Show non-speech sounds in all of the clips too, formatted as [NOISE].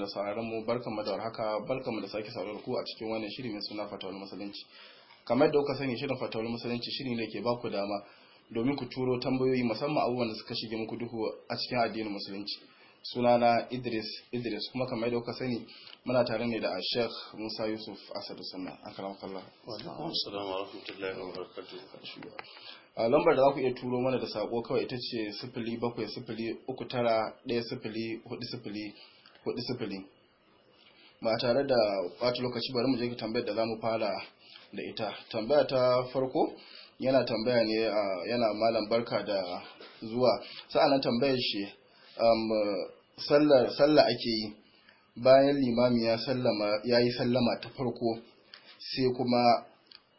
da sauraron mu barkan mu da warhaka barkan mu da sake sauraron ku a cikin wannan shiri mai suna fatawul musulunci kamar yadda kuka sani shirin fatawul musulunci shiri ne ke ba ku dama domin ku turo tambayoyi musamman abubuwan da suka shige muku duhu a cikin addinin musulunci suna na Idris Idris kuma kamar yadda kuka sani muna tare ne da Sheikh Musa Yusuf Asadu Sunna akramakallah wa assalamu alaikum wa rahmatullahi wa barakatuh a lambar da za ku iya turo mana da sako kawai ita ce 07039104 hudu sifili ba tare da wata lokaci bari mu je tambayar da zamu fara da ita tambaya ta farko yana tambaya ne yana malam barka da zuwa sa'annan tambayar shi um, sallah ake yi bayan limami ya sallama ya yi sallama ta farko sai kuma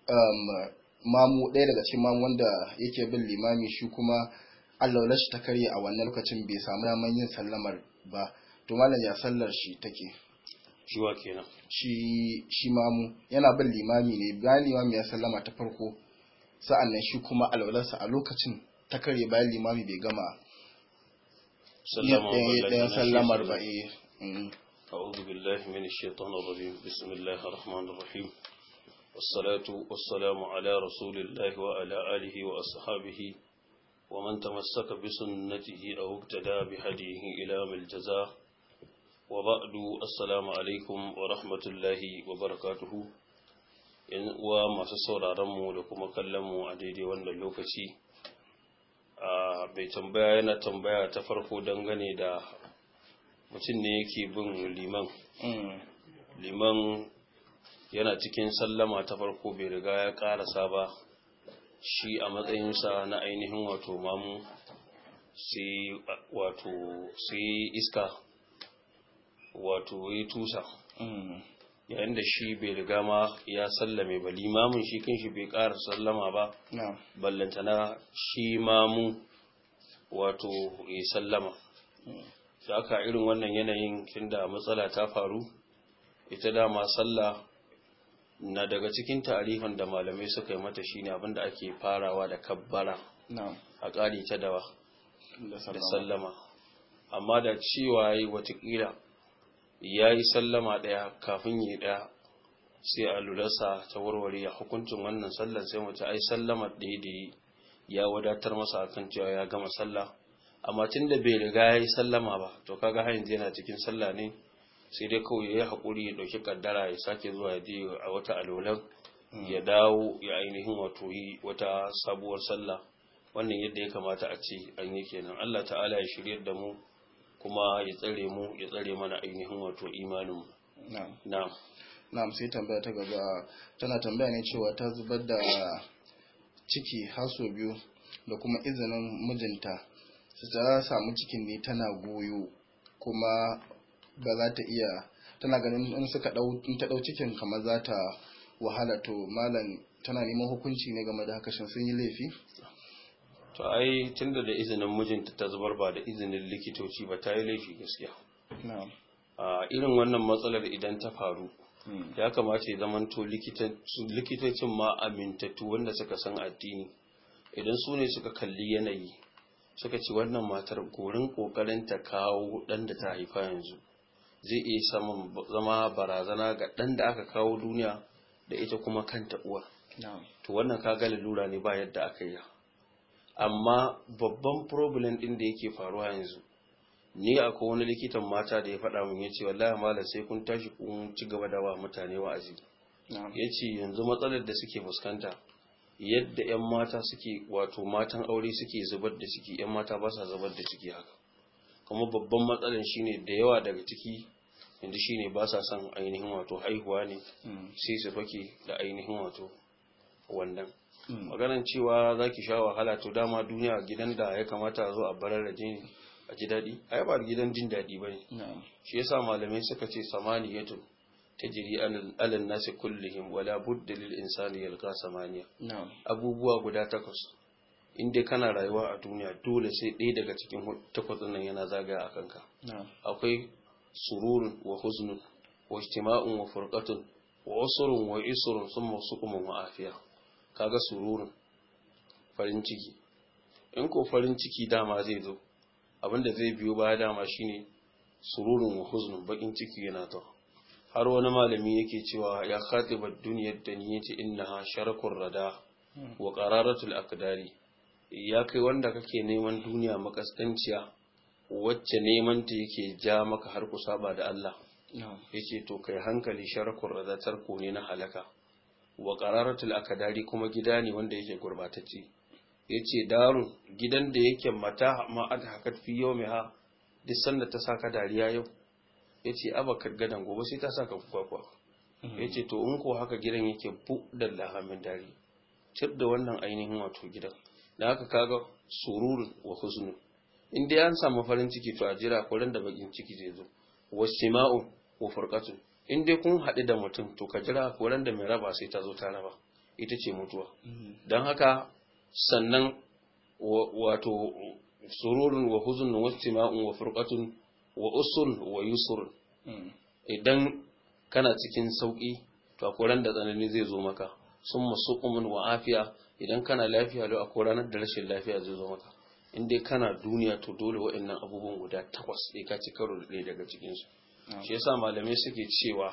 um, mamu ɗaya daga cikin mamu wanda yake bin limami shi kuma allaulashi ta karye a wannan lokacin bai samu daman yin sallamar ba to malam ya sallar shi take shiwa kenan shi shi mamu yana bin limami ne bayan limami ya sallama ta farko nan shi kuma alwalarsa a lokacin ta kare bayan limami bai gama ɗayan sallamar ba eh أعوذ بالله من الشيطان الرجيم بسم الله الرحمن الرحيم والصلاة والسلام على رسول الله وعلى آله وأصحابه ومن تمسك بسنته أو ابتدى بهديه إلى الجزاء Wa assalamu alaikum wa rahmatullahi wa barakatuhu in uwa masu sauraronmu da kuma kallon mu a daidai wannan lokaci bai tambaya yana tambaya ta farko dangane da mutum ne yake bin liman mm. liman yana cikin sallama ta farko bai riga ya karasa ba shi a matsayinsa na ainihin wato mamu sai iska wato ya tusa mm. yayin da shi bai riga ma ya sallame ba limamin shi kan shi bai ƙara sallama ba ballantana shi mamu wato ya sallama mm. da aka irin wannan yanayin kin da matsala ta faru ita dama sallah na daga cikin tarihin da malamai suka yi mata shine abinda ake farawa da kabbara a ƙari ta dawa da sallama amma da cewa yi watakila ya yi sallama ɗaya kafin yi ɗaya sai a lulasa ta warware a hukuncin wannan sallar sai mace ai sallama daidai ya wadatar masa akan cewa ya gama sallah amma tun da bai riga ya yi sallama ba to kaga har yanzu yana cikin sallah ne sai dai kawai ya yi haƙuri ya ɗauki kaddara ya sake zuwa ya je a wata alolan ya dawo ya ainihin wato yi wata sabuwar sallah wannan yadda ya kamata a ce an yi kenan Allah ta'ala ya shiryar da mu kuma ya tsare mu ya tsare mana ainihin wato mu na'am na'am sai tambaya ta gaba tana tambaya ne cewa ta zubar da ciki har sau biyu da kuma izinin mijinta su ta samu cikin ne tana goyo kuma ba za ta iya tana ganin in suka dau in ta cikin kamar za ta wahala to malam tana neman hukunci ne game da haka shin sun yi laifi to ai tunda da izinin mijinta ta zubar ba da izinin likitoci ba ta yi laifi gaskiya a irin wannan matsalar idan ta faru hmm. ya kamata ya zamanto likitocin ma amintattu wanda suka san addini idan su ne suka kalli yanayi suka ci wannan matar gorin kokarin ta kawo dan da ta haifa yanzu zai iya samun zama barazana ga dan da aka kawo duniya da ita kuma kanta uwa to wannan ka ga lura ne ba yadda aka yi amma babban problem din da yake faruwa yanzu ni akwai wani likitan mata da ya faɗa mun yace wallahi malam sai kun tashi kun ci gaba da wa mutane wa'azi yace yanzu matsalar da suke fuskanta yadda yan mata suke wato matan aure suke zubar da ciki yan mata ba sa zubar da ciki haka kuma babban matsalar shine da yawa daga ciki yanzu shine ba sa son ainihin wato haihuwa ne hmm. sai su fake da ainihin wato wannan Hmm. maganin cewa za ki sha wahala to dama duniya gidan da ya kamata zo a barar da jini a ji daɗi a yaba gidan jin daɗi ba ne shi yasa malamai suka ce samani ya to ta jiri alin nasi kullihim wala budda lil insani samaniya abubuwa guda takwas inda kana rayuwa a duniya dole sai ɗaya daga cikin takwas nan yana zagaya a kanka akwai sururun wa huznun wa ijtima'un wa furqatun wa usrun wa isrun sun suqumun wa afiya kaga sururin farin ciki in ko farin ciki dama zai zo abinda zai biyo baya dama shine sururin wa huznun bakin ciki yana to har wani malami yake cewa ya khatibar duniyar da ni yace innaha sharakun rada wa qararatul aqdari ya kai wanda kake neman duniya makastanciya wacce neman ta yake ja maka har ku saba da Allah yace to kai hankali sharakun rada tarko ne na halaka wa qararatul akadari kuma gida ne wanda yake gurbatacce yace darun gidan da yake mata ma hakat fi yawmiha duk sanda ta saka dariya yau yace abaka gadan gobe sai ta saka kwakwa hmm. yace to in ko haka gidan yake buɗan lahamin dari cib da wannan ainihin wato gidan da haka kaga sururun wa huznu in dai an samu farin ciki to a jira kullun da bakin ciki zai zo wasima'u wa furqatun in dai kun haɗu da mutum to ka jira koran da mai raba sai ta zo ta raba ita ce mutuwa mm-hmm. don haka sannan wato sururun wa huzun wa istima'un wa furqatun wa usun wa yusur mm-hmm. idan kana cikin sauki to akwai ran da tsanani zai zo maka sun masuqumun wa afiya idan kana lafiya lau akwai ranar da rashin lafiya zai zo maka in dai kana duniya to dole waɗannan abubuwan guda takwas sai ka ci karo da daga cikinsu. su shi yasa malamai suke cewa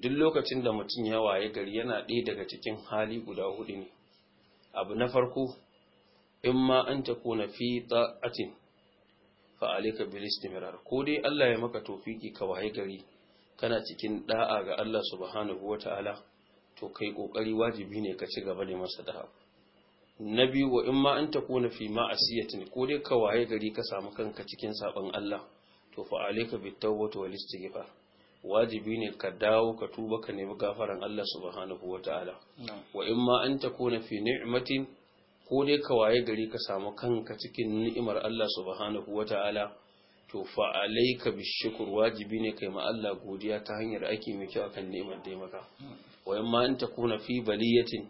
duk lokacin da mutum ya waye gari yana ɗaya daga cikin hali guda hudu ne abu na farko in ma an ta kona fi ta'atin fa alika bil istimrar ko dai Allah ya maka tofiki ka waye gari kana cikin da'a ga Allah subhanahu wataala to kai kokari wajibi ne ka ci gaba da masa da'a na biyu wa in ma an ta kona fi ma'asiyatin ko dai ka waye gari ka samu kanka cikin sabon Allah to fa alayka bit tawbati wal istighfar wajibi ne ka dawo ka tuba ka nemi gafaran Allah subhanahu wataala wa ma an takuna fi ni'matin ko dai ka waye gari ka samu kanka cikin ni'imar Allah subhanahu wataala to fa alayka shukr wajibi ne kai ma Allah godiya ta hanyar aiki mai kyau akan ni'imar da ya maka wa ma an takuna fi baliyatin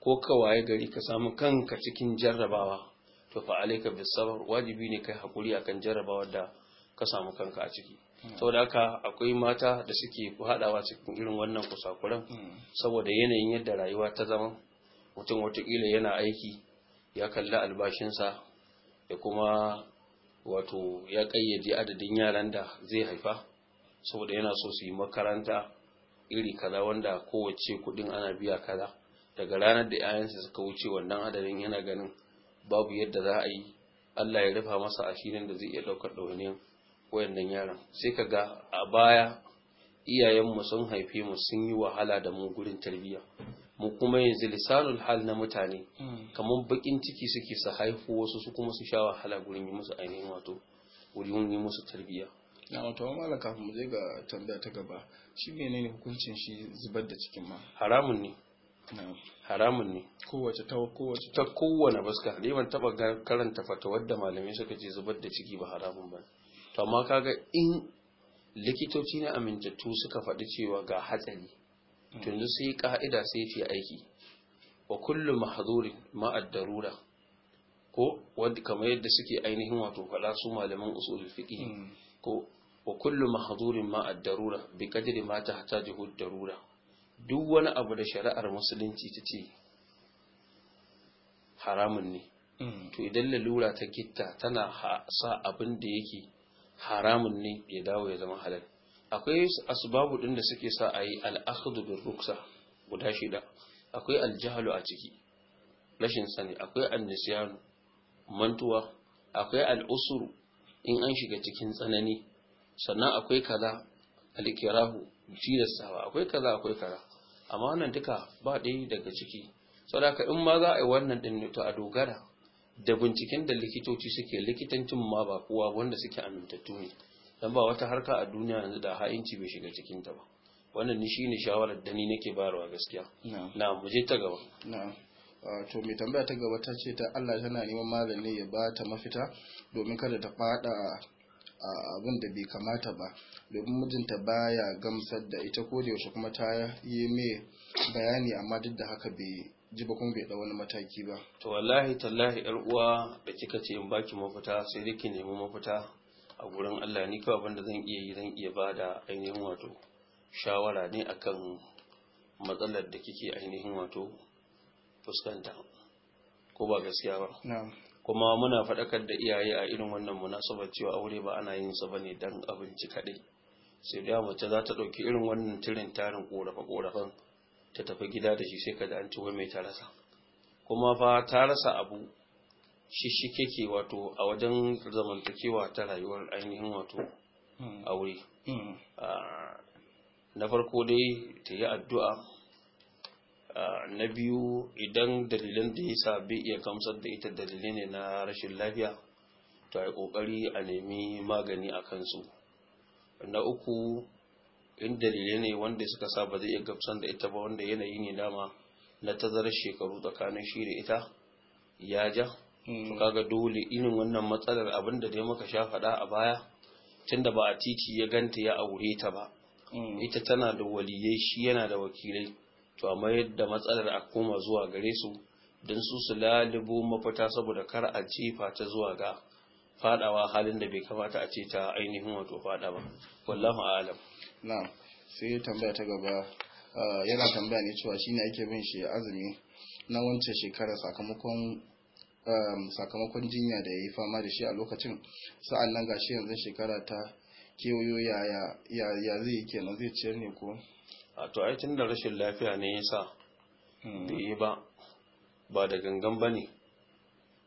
ko ka waye gari ka samu kanka cikin jarrabawa to fa alayka bis sabr wajibi ne kai hakuri akan jarrabawar da ka samu kanka a ciki hmm. saboda haka akwai mata da suke haɗawa cikin irin wannan kusakuran hmm. saboda yanayin yadda rayuwa ta zama mutum watakila yana aiki ya kalli albashinsa da kuma wato ya ƙayyade adadin yaran da zai haifa saboda yana so su yi makaranta iri kaza wanda kowace kuɗin ana biya kaza daga ranar da 'ya'yansa suka wuce wannan adadin yana ganin babu yadda za a yi Allah ya rufa masa ashirin da zai iya ɗaukar ɗawainiyar wayannan yaran sai ka ga a baya iyayenmu sun haife mu sun yi wahala da mu gurin tarbiyya mu kuma yanzu lisanul hal na mutane hmm. kamar bakin ciki suke su haifu wasu su kuma su sha wahala gurin yi musu ainihin wato gurin yi musu tarbiyya na wato mala kafin mu je ga tambaya ta gaba shi menene hukuncin shi zubar da cikin ma haramun ne haramun ne kowace ta kowace ta kowace baska ne ban taba karanta fatawar da malamai suka ce zubar da ciki ba haramun ba to amma kaga in likitoci na amintattu suka faɗi cewa ga hatsari mm. yanzu sai ka'ida sai ce aiki wa kullum mahazurin ma'ad ko wadda kamar yadda suke ainihin wato faɗa su malaman usulul fiqh mm. ko wa kullum mahazurin ma'ad darura bi qadri ma tahtajuhu da darura duk wani abu da shari'ar musulunci ta ce haramun ne mm. to idan lalura ta gitta tana sa abin da yake haramun ne ya dawo ya zama halal akwai asbabu din da suke sa a yi al'akhdhu bir ruksa guda shida akwai aljahlu a ciki rashin sani akwai annisyan mantuwa akwai al'usuru in an shiga cikin tsanani sannan akwai kaza alikirahu tilastawa akwai kaza akwai kaza amma wannan duka ba ɗaya daga ciki sadaka in ma za a yi wannan din to a dogara da binciken da likitoci suke likitancin ma ba kowa wanda suke amintattu ne dan ba wata harka a duniya yanzu da ha'inci bai shiga cikin ba wannan ni shine shawarar da ni nake bayarwa gaskiya na muje ta gaba na to mai tambaya ta gaba ta ce ta Allah tana neman malami ya ba ta mafita domin kada ta fada abin da bai kamata ba domin mijinta baya gamsar da ita ko da yaushe kuma ta yi mai bayani amma duk da haka bai ji ba kuma bai da wani mataki ba to wallahi tallahi yar uwa da kika ce in baki mafita sai dai ki nemi mafita a gurin Allah ni kawai da zan iya yi zan iya bada ainihin wato shawara ne akan matsalar da kike ainihin wato fuskanta ko ba gaskiya ba Na'am. kuma muna faɗakar da iyaye a irin wannan munasabar cewa aure ba ana yin sa bane dan abinci kaɗai sai da mace za ta ɗauki irin wannan tirin tarin ƙorafe-ƙorafen ta tafi gida da shi sai ka da an ci mai ta rasa kuma fa ta rasa abu shi shi keke wato a wajen zamantakewa ta rayuwar ainihin wato hmm. aure hmm. Ah, na farko dai ta yi addu'a ah, na biyu idan dalilan da ya sa bai iya kamsar da ita dalilai ne na rashin lafiya to yi ƙoƙari a nemi magani a kansu na uku in dalilai ne wanda suka sa ba zai iya gamsan da ita ba wanda yanayi ne dama na tazarar shekaru tsakanin shi da ita ya ja hmm. kaga dole irin wannan matsalar abin da dai muka sha faɗa a baya tunda ba a titi ya ganta ya aure ta ba hmm. ita tana da waliyai shi yana da wakilai to amma yadda matsalar a koma zuwa gare su don su su lalubo mafita saboda kar a jefa ta zuwa ga fadawa halin da bai kamata a ce ta ainihin wato fada ba wallahu a'lam na'am sai tambaya ta gaba ah, yana tambaya ne cewa shine ake bin shi azumi na wancan shekara sakamakon um, sakamakon jinya da ya yi fama da shi a lokacin sa'an nan gashi yanzu shekara ta kewayo ya zai yi kenan zai ciyar ne ko a to ai tun da rashin lafiya ne ya sa hmm. bai yi ba ba da gangan ba ne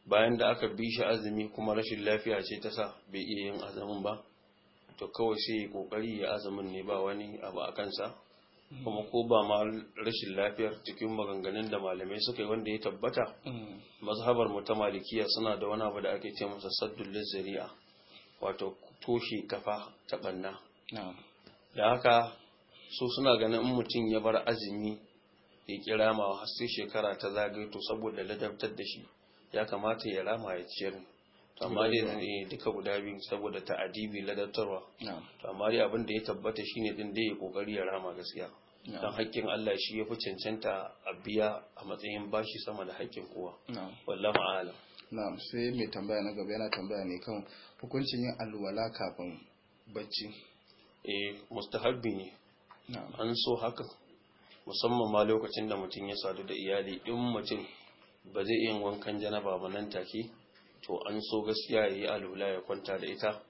bayan da aka bi shi azumi kuma rashin lafiya ce ta sa bai iya yin azumin ba to kawai sai kokari ya azumin ne ba wani abu a kansa hmm. kuma ko ba ma rashin lafiyar cikin maganganun da malamai suka yi wanda ya tabbata hmm. mazhabar mu ta malikiya suna da wani abu da ake ce masa saddun zari'a wato toshe kafa ta banna da haka so suna ganin in mutum ya bar azumi ya kira ma har sai shekara ta zagaye to saboda ladabtar da shi ya kamata ya rama ya ciyar amma dai duka guda biyu saboda ta'adibi ladatarwa amma dai abin da ya tabbata shine din dai ya kokari ya rama gaskiya dan haƙƙin Allah shi ya fi cancanta a biya a matsayin bashi sama da haƙƙin kowa wallahi a'lam na'am sai mai tambaya na gaba yana tambaya ne kan hukuncin yin alwala kafin bacci eh mustahabbi ne an so haka musamman ma lokacin da mutum ya sadu da iyali din mutum ba zai yin wankan janaba ba nan take to an so gaskiya yayi alula ya kwanta da ita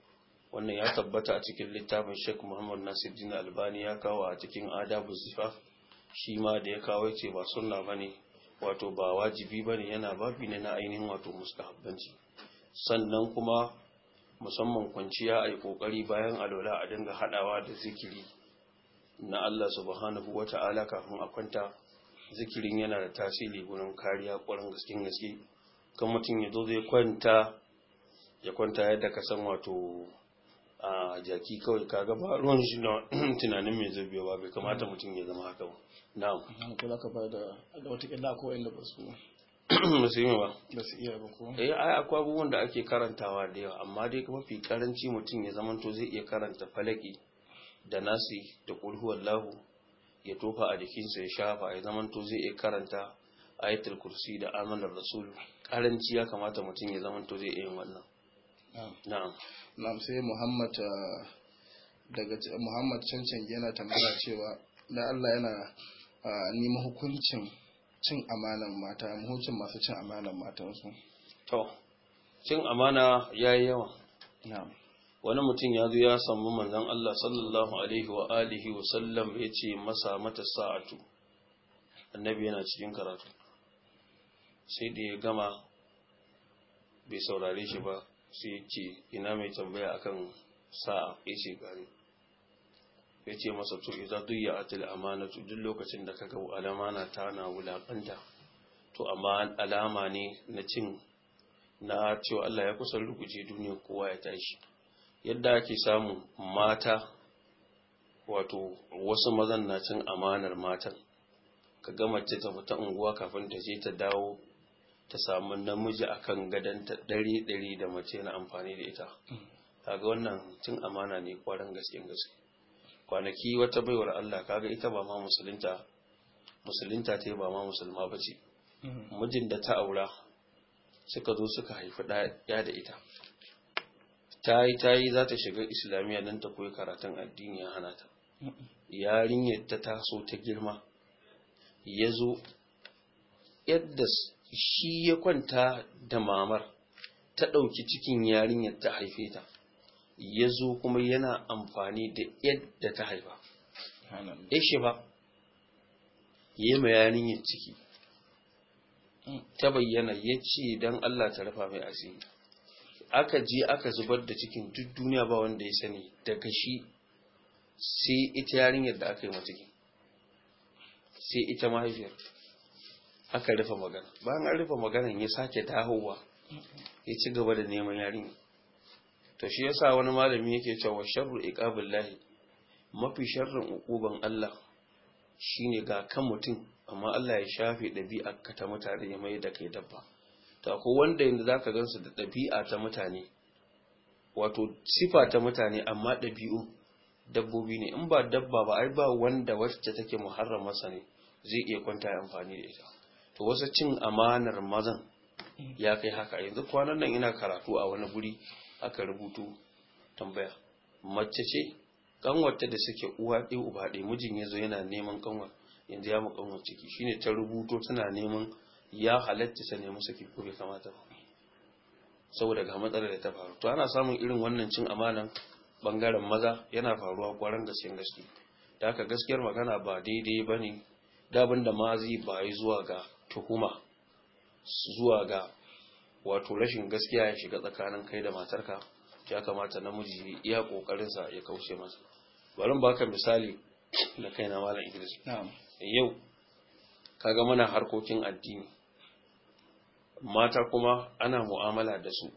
wannan ya tabbata a cikin littafin Sheikh Muhammad Nasiruddin Albani ya kawo a cikin Adabu Zifa shi ma da ya kawo ce ba sunna bane wato ba wajibi bane yana babi ne na ainihin wato mustahabbanci sannan kuma musamman kwanciya yi kokari bayan alula a dinga hadawa da zikiri na Allah subhanahu wata'ala kafin a kwanta zikirin yana da tasiri gurin kariya ƙwarin gaske gaske kan mutum ya zo zai kwanta ya kwanta yadda ka san wato a jaki kawai ka ba ruwan shi na [CLEARS THROAT] tunanin mai zai biyo ba bai kamata mm. mutum ya zama haka ba na'am ko za ka ba da wata kila ko inda ba su [CLEARS THROAT] ba su yi ba ba su iya ba ko eh ai akwai abubuwan da ake karantawa da yawa amma dai kuma fi karanci mutum ya zama to zai iya karanta falaki da nasi da Wallahu ya tofa a jikinsa ya shafa ya zama to zai iya karanta ayatul kursi da amalar rasul karanci ya kamata mutum ya zama to zai yin wannan na'am na'am sai muhammad ah, daga muhammad cancan yana tambaya cewa da Allah yana ah, nima hukuncin cin amanan mata hukuncin masu cin amanan matansu to cin amana yayi yawa na'am wani mutum ya zo ya samu manzon Allah sallallahu Alaihi wa alihi wasallam ya ce masa mata sa'atu annabi yana cikin karatu sai da ya gama bai saurare shi ba sai ce ina mai tambaya akan sa'a ya ce gari ya ce masa to iza duyya atil amanatu duk lokacin da alama alamana ta na wulaƙanta. to amma alama ne na cin na cewa Allah ya kusan ruguje duniya kowa ya tashi yadda ake samun mata wato wasu mazan na cin amanar matan ka gama mace ta fita unguwa kafin ta je ta dawo ta samu namiji a kan gadon ta ɗari ɗari da mace na amfani da ita kaga wannan cin amana ne kwarin gaske gaske kwanaki wata baiwar Allah kaga ita ba ma musulunta musulunta ta ba ma musulma ba ce mijin da ta aura suka zo suka haifi ɗaya da ita ta yi ta yi za ta shiga islamiyya nan ta koyi karatun addini ya hana ta yarinyar ta taso ta girma ya zo yadda shi ya kwanta da mamar ta ɗauki cikin yarinyar ta haife ta ya zo kuma yana amfani da yadda ta haifa shi ba ya ma yarinyar ciki ta bayyana ya ce don Allah ta rafa mai asiri aka je aka zubar da cikin duk duniya ba wanda ya sani daga shi sai ita yarinyar da aka yi ma ciki sai ita mahaifiyar aka rufe magana bayan an rufe maganan ya sake dahowa ya ci gaba da neman yarin to shi yasa wani malami yake cewa sharru iqabillahi mafi sharrin ukuban Allah shine ga kan mutum amma Allah ya shafe ɗabi'ar ka ta mutane ya mai da kai dabba to ko wanda yanda zaka gansu da ɗabi'a ta mutane wato sifa ta mutane amma ɗabi'u dabbobi ne in ba dabba ba ai ba wanda wacce take muharram masa ne zai iya kwanta amfani da ita to wasu cin amanar mazan ya kai haka yanzu kwanan nan yana karatu a wani guri aka rubutu tambaya mace ce kanwarta da suke uwa ɗaya uba ɗaya mijin ya zo yana neman kanwar yanzu ya mu kanwar ciki shine ta rubuto tana neman ya halatta ta nemi saki ko kamata saboda ga matsalar da ta faru to ana samun irin wannan cin amanan bangaren maza yana faruwa kwaran gaske gaske da haka gaskiyar magana ba daidai bane dabin da mazi ba yi zuwa ga tuhuma zuwa ga wato rashin gaskiya ya shiga tsakanin kai da matarka ya kamata namiji iya kokarinsa ya kaushe masa bari baka misali da kaina malam Idris yau kaga muna harkokin addini mata kuma ana mu'amala da su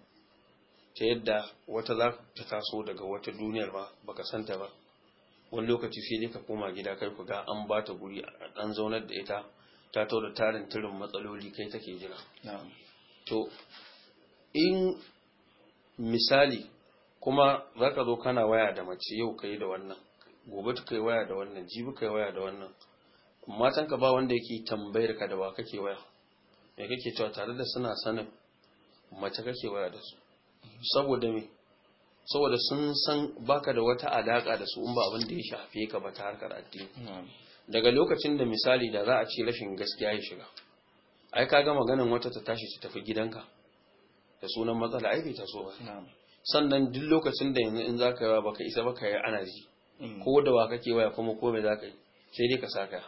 ta yadda wata za ta taso daga wata duniyar ba baka santa ba wani lokaci sai dai ka koma gida kai ku ga an ba ta guri an zaunar da ita ta da tarin turin matsaloli kai take jira to in misali kuma za ka zo kana waya da mace yau ka yi da wannan gobe ka kai waya da wannan jibi kai waya da wannan matan ka ba wanda yake tambayar ka da ba kake waya me kake cewa tare da suna sanin mace kake waya da su saboda me saboda sun san baka da wata alaka da su in ba abin da ya shafe ka ba ta harkar addini daga lokacin da misali da za a ci rashin gaskiya ya shiga ai ka ga maganin wata ta tashi ta tafi gidanka da sunan matsala ai bai taso ba sannan duk lokacin da yanzu in zaka yawa baka isa baka yi ana ji mm. ko da wa kake waya kuma ko me zaka yi sai dai ka saka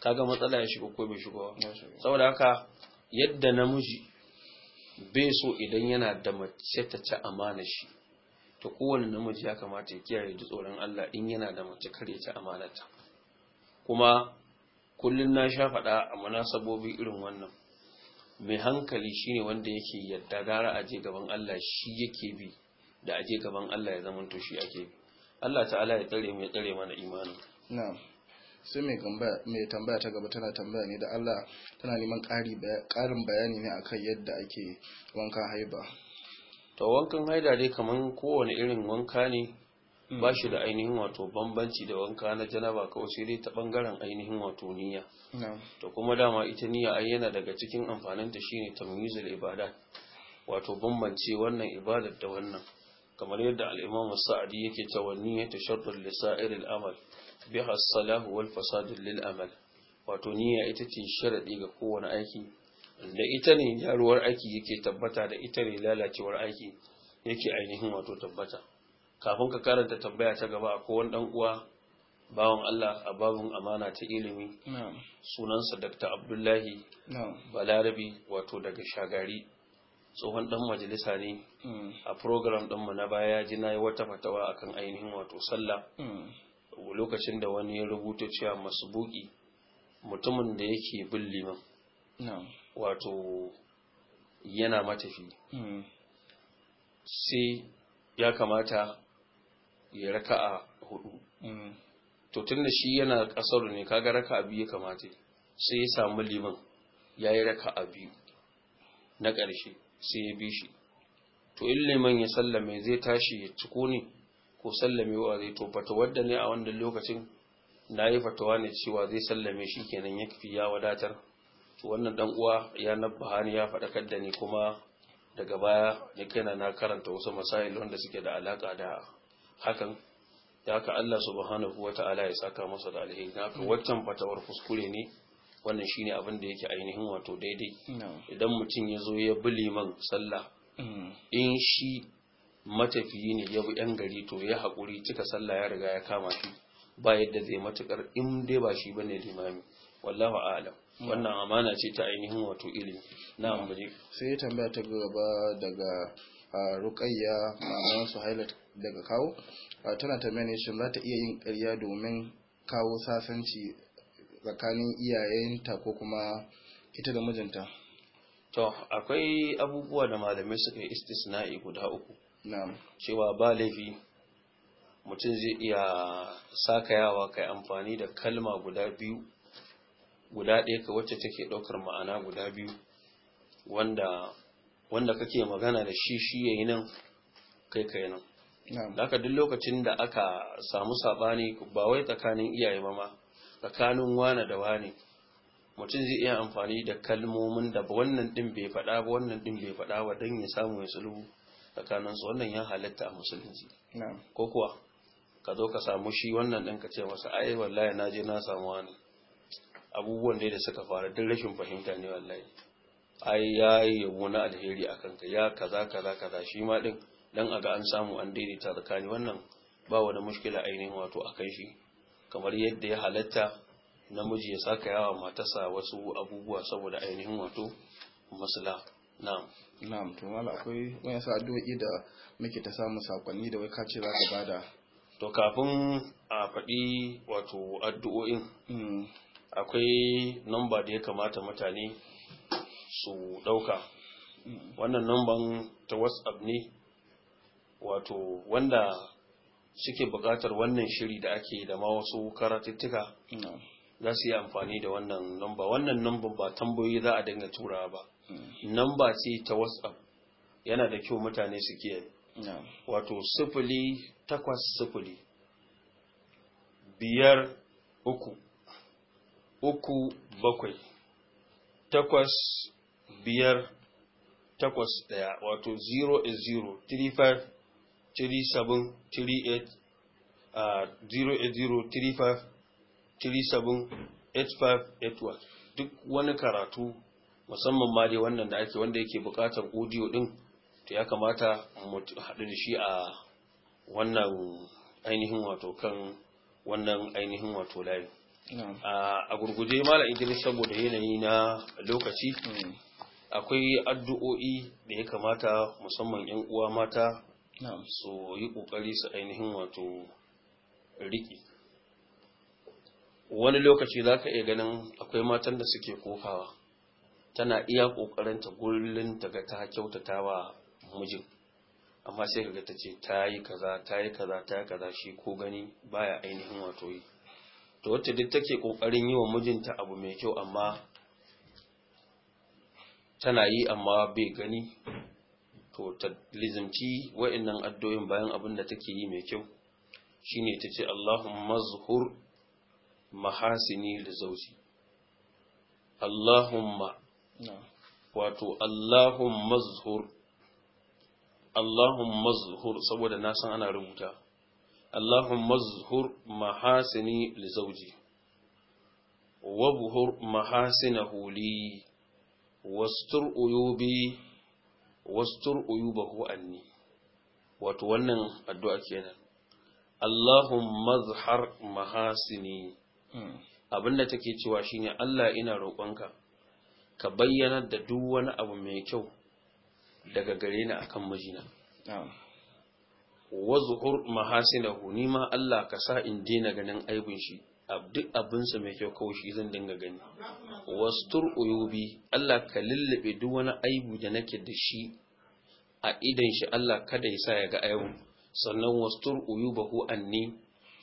kaga matsala ya shiga ko bai shiga ba saboda haka yadda namiji bai so idan yana da mace ta ci amana shi to kowane namiji ya kamata ya kiyaye duk tsoron Allah in yana da mace kar ya ci amanata kuma kullum na sha faɗa a munasabobi irin wannan mai hankali shine wanda yake yadda gara aje gaban Allah shi yake bi da aje gaban Allah ya zamanto shi ake bi Allah ta'ala ya tsare mai tsare mana imanin na'am sai mai tambaya ta gaba tana tambaya ne da Allah tana neman ƙarin bayani ne akan yadda ake wankan haiba to wankan haida dai kaman kowane irin wanka ne Mm. ba shi da ainihin wato bambanci da wanka na janaba kawai sai dai ta bangaren ainihin wato niyya to kuma dama ita niyya ai yana daga cikin amfanin ta shine tamyizul ibada wato bambance wannan ibadar da wannan kamar yadda al-Imam Sa'di yake cewa ta shartu li al amal biha as-salahu wal fasad lil amal wato niyya ita ce sharadi ga kowane aiki da ita ne jaruwar aiki yake tabbata da ita ne lalacewar aiki yake ainihin wato tabbata kafin ka karanta tambaya ta gaba ko wani dan uwa bawon Allah a babun amana ta ilimi sunansa Dr. Abdullahi Balarabi wato daga Shagari tsohon dan majalisa ne mm. a program ɗinmu na baya ji na yi wata fatawa akan ainihin wato sallah mm. lokacin da wani ya rubuta cewa masbuki mutumin da yake bin liman wato yana matafi mm. sai ya kamata ya raka a hudu mm. to tun da shi yana kasar ne kaga a biyu ya kamata sai ya samu liman ya yi raka a biyu na ƙarshe sai ya bi shi to in liman ya sallame zai tashi ya ciko ne ko sallame wa zai to fata wadda ne a wanda lokacin na yi fatawa ne cewa zai sallame shi kenan ya fi ya wadatar to wannan dan uwa ya nabba ya faɗakar da ni kuma daga baya ya kaina na karanta wasu masail wanda suke da alaka da hakan ya ka Allah subhanahu ta'ala ya saka masa da alheri haka waccan fatawar kuskure ne wannan shine abin da yake ainihin wato daidai idan mutum ya zo ya bi liman sallah mm. in shi matafiyi ne ya bi yan gari to ya haƙuri cika sallah ya riga ya kama shi ba yadda zai matukar in dai ba shi bane limami wallahu a'lam wannan amana ce ta ainihin wato ilimi na ambaje sai tambaya ta gaba daga ruqayya ma'anar suhailat daga kawo tana ta ne za ta iya yin karya domin kawo sasanci tsakanin iyayenta ko kuma ita da mijinta to akwai abubuwa da malamai suka yi istisna'i guda uku na'am cewa ba laifi mutum zai iya sakayawa kai amfani da kalma guda biyu guda ɗaya ka wacce take ɗaukar ma'ana guda biyu wanda wanda kake magana da shi shi yayi nan kai kai nan daka duk lokacin da aka samu sabani ba wai tsakanin iyaye ba ma tsakanin wane da wane mutum zai iya amfani da kalmomin da wannan ɗin bai faɗa ba wannan ɗin bai faɗa ba don ya samu ya sulhu tsakanin su wannan ya halatta a musulunci ko kuwa ka zo ka samu shi wannan din ka ce masa ai wallahi na je na samu wani abubuwan da suka fara duk rashin fahimta ne wallahi ai yayi yabo na alheri a ka ya kaza kaza kaza shi ma din dan aga an samu an daidaita tsakani wannan ba wani mushkila ainihin wato a kan shi kamar yadda ya halatta namiji ya saka yawa matasa wasu abubuwa saboda ainihin wato masala na'am na'am to mala akwai wani sa addu'o'i da muke ta samu sakonni da wai ka ce zaka bada to kafin a faɗi wato addu'o'in mm. akwai namba da ya kamata mutane su ɗauka mm. wannan namban ta whatsapp ne wato wanda suke buƙatar wannan shiri da ake da ma wasu karatuttuka mm. za su yi amfani da wannan namba wannan namba ba tambayoyi za a dinga tura ba mm. namba ce ta whatsapp yana da kyau mutane su ke wato sifili takwas sifili biyar uku uku bakwai takwas biyar takwas ɗaya wato 0 is 0 35 3738 uh, duk wani karatu musamman ma dai wannan da ake wanda yake bukatar audio din to ya kamata mu haɗu da shi a wannan ainihin wato kan wannan ainihin wato layi a gurguje mala idris saboda yanayi na lokaci mm. akwai addu'o'i da ya kamata musamman 'yan uwa mata so yi ƙoƙari su ainihin wato Riki. wani lokaci za ka iya ganin akwai matan da suke kokawa tana iya ƙoƙarinta gurin daga ta kyautata wa mijin amma sai ka ta ce ta yi kaza ta yi kaza ta yi kaza shi ko gani baya ainihin wato yi to wacce duk take kokarin yi wa mijinta abu mai kyau amma tana yi amma bai gani to ta lizimci wa'annan addu'o'in bayan abin da take yi mai kyau shine ta ce Allahumma zuhur mahasini da zauji Allahumma wato Allahumma zuhur Allahumma zuhur saboda na san ana rubuta Allahumma zuhur mahasini da Wa wabhur mahasinahu li wastur uyubi wastur uyubahu anni wato wannan addu'a kenan Allahumma zhar mahasini hmm. abinda take cewa shine Allah ina roƙonka ka bayyana da duk wani abu mai kyau daga gare ni akan mijina wazhur mahasinahu nima Allah ka sa in daina ganin aibin shi duk abinsa mai kyau kawai shi zan dinga gani wastur uyubi Allah ka lullube duk wani aibu da nake da shi a idan shi Allah kada ya sa ya ga ayyun sannan wastur uyubahu anni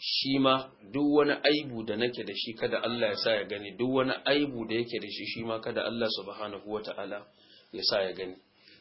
shi ma duk wani aibu da nake da shi kada Allah ya sa ya gani duk wani aibu da yake da shi shi ma kada Allah subhanahu wata'ala ya sa ya gani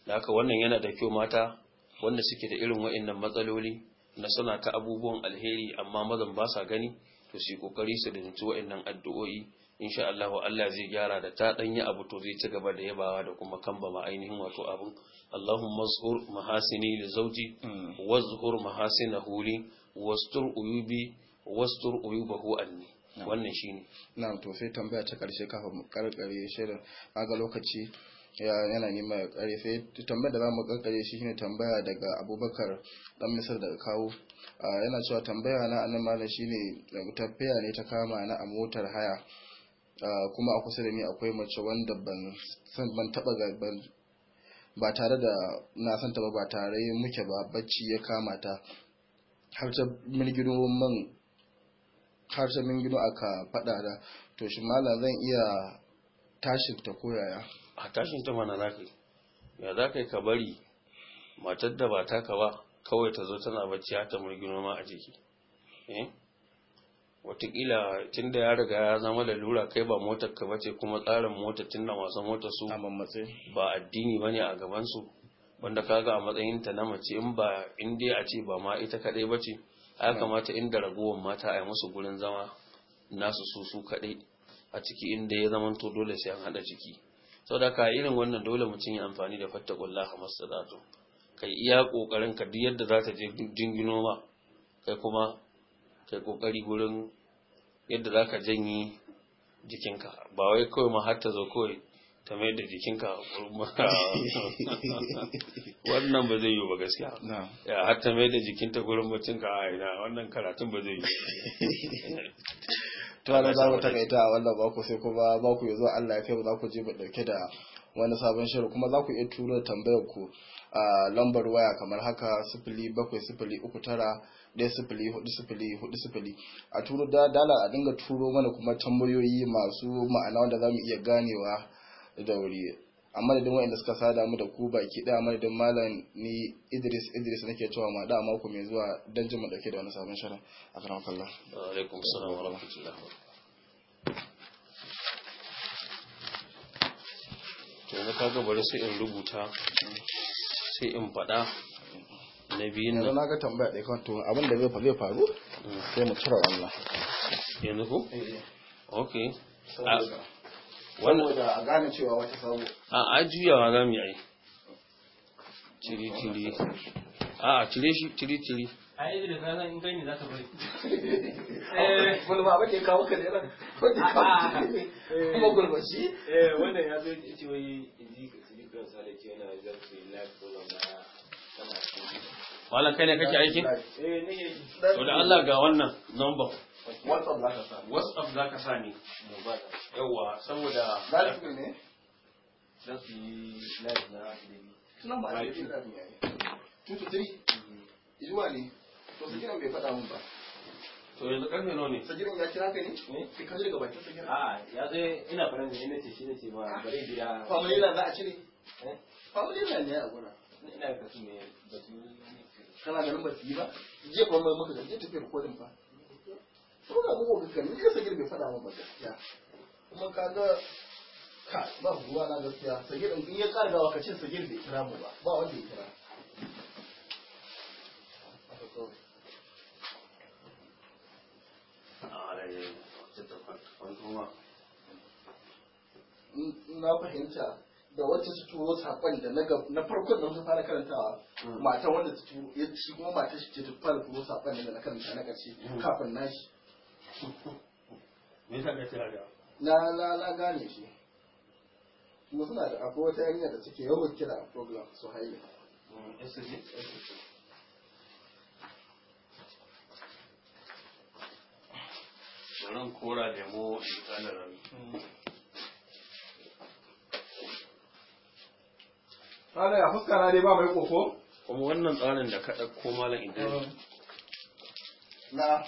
da haka wannan yana da kyau mata wanda suke da irin wa'annan matsaloli na suna ta abubuwan alheri amma mazan ba sa gani to su kokari su dinci wa'annan addu'o'i insha Allah Allah zai gyara da ta yi abu to zai ci gaba da yabawa da kuma kamba ma ainihin wato abun Allahumma zhur mahasini li zawji hmm. zhur mahasinahu li wastur uyubi wastur uyubahu anni hmm. wannan shine na'am to sai tambaya ta karshe kafin mu karkare shirin ga lokaci yana nema ya kare sai tambayar da za mu kankare shi ne tambaya daga abubakar dan misal daga kawo yana cewa tambaya na annan malam shine tafiya ne ta kama na a motar haya kuma a kusa da ni akwai mace wanda ban san ban taba ban ba tare da na san ta ba ba tare muke ba bacci ya kama ta har ta mirgino man har ta aka fada da to shi malam zan iya tashin ta koyaya a tashin ta mana za ka ya za ka ka bari matar da ba ka ba kawai ta zo tana bacci ta murgino ma a jiki eh? watakila tun da ya riga ya zama da lura kai ba motar ka bace kuma tsarin mota tun da masu motar su ba addini ba ne a gabansu wanda kaga a matsayin ta na mace in ba in dai a ce ba ma ita kadai bace ya kamata inda ragowar mata a yi musu gurin zama nasu su su kadai a ciki inda ya zama to dole sai an haɗa ciki Sau da, ka irin wannan dole mutum yi amfani da fatta fattakullaha masadatu kai iya kokarin ka duk yadda za ta je jingino ba kai kuma kai kokari gurin yadda za ka janyi jikinka ba wai kawai ma har ta zo kawai ta mai da jikinka [LAUGHS] wannan ba zai yi ba gaskiya ya har ta mai da jikinta gurin ka a ina wannan karatun ba zai yi [LAUGHS] ta wani za mu takaita a wannan mako sai kuma mako ya zo Allah ya kai mu za ku je mu dauke da wani sabon shari kuma za ku iya turo tambayar ku a lambar waya kamar haka sifili bakwai sifili uku tara ɗaya sifili a turo da dala a dinga turo mana kuma tambayoyi masu ma'ana wanda za mu iya ganewa da wuri a madadin wa'anda suka sada mu da ku baki daya madadin malam ni Idris Idris nake cewa ma da mako mai zuwa dan jin mu dauke da wani sabon shirin a karamar Allah alaikum assalam wa rahmatullahi to na kaga bari sai in rubuta sai in faɗa na biyu yanzu na ga tambaya ɗaya kan to abin da zai faru mm. sai mu cira wannan yanzu ko eh, eh. okay wannan a gane cewa wata sabo a a juyawa za mu yi a a cire shi a yi da zana in gani za bari eh [LAUGHS] ba kawo ka da ran eh. kuma eh wannan ya zo ya ce wai sale ke yana zarce na Wala kai ne kake aikin? To da Allah ga wannan number. WhatsApp za ka sa ne. Yawwa saboda. Za ne? Za su yi live na Ademi. Sunan ba Ademi za su yi. 2 to 3. Mm-hmm. Izuwa ne. To su kiran bai faɗa mun ba. to yanzu karfe nawa ne sajirin ya kira ka ne sai ka daga bakin sajirin a ya zai ina faran ne ne ce shi ne ce ba bare gida famulila za a cire eh? famulila ne a gona ina da su ne ba su kana ganin ba su yi ba jiya kuma mai maka gaje Ko kolin fa kuma ga kuma gaskiya ni kasa girbe faɗa min ba gaskiya kuma ka ga ka ba ruwa na gaskiya sagir in ya ƙara gawa ka ce sagir kira mu ba ba wanda ya kira na fahimta da wacce ta turo sakon da na farkon da wasu fara karantawa hmm. mata wanda ta turo ya ci kuma mata shi ce ta fara turo sakon da na karanta na karshe hmm. kafin shi. me yasa ka kira da na la gane shi kuma suna da akwai wata yanya da suke yawan kira program su haye hmm, Bari kora mu in ƙanarar. Kada ya fuska na dai ba mai koko? Kuma wannan tsarin da ka ɗauko malam idan. Na.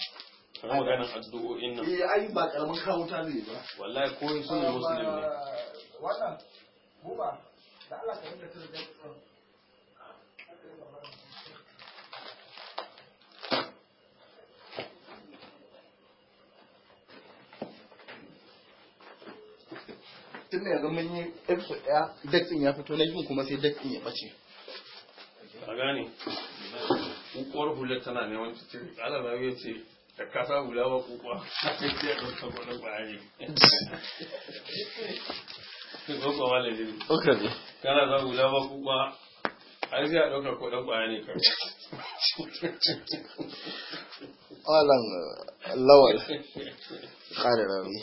Kana maganar addu'o'in nan. Eh ai ba karamin kawo ta ne ba. Wallahi ko sunan musulmi ne. Wannan buba da Allah ka rinka tura da tun yanzu mun yi episode ɗaya dakin ɗin ya fito na yin kuma sai dakin ya ɓace a gane kukuwar hular tana neman wancan cire ƙala na ya ce da ka sa hula wa kukuwa a cikin ya ɗauka gwanon ƙwari ɗauka wale ne ɗauka ne kana sa hula kukuwa a ɗauka kuɗin ƙwaya ne kawai lawal, rami.